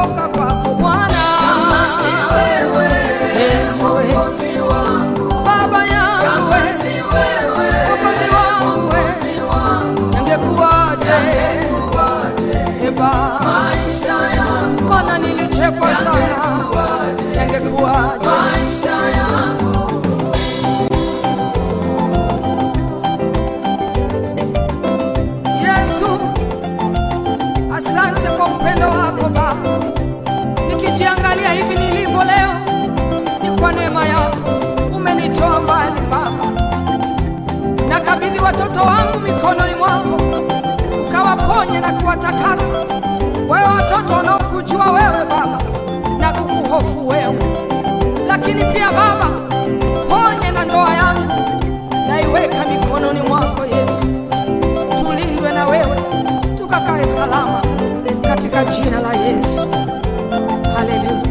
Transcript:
kutoka kwako Bwana, kama si maisha yangu, Bwana nilichekwa sana kuwatakasa wewe watoto wanaokujua wewe Baba na kukuhofu wewe, lakini pia Baba ponye na ndoa yangu naiweka mikononi mwako Yesu, tulindwe na wewe tukakae salama katika jina la Yesu. Haleluya.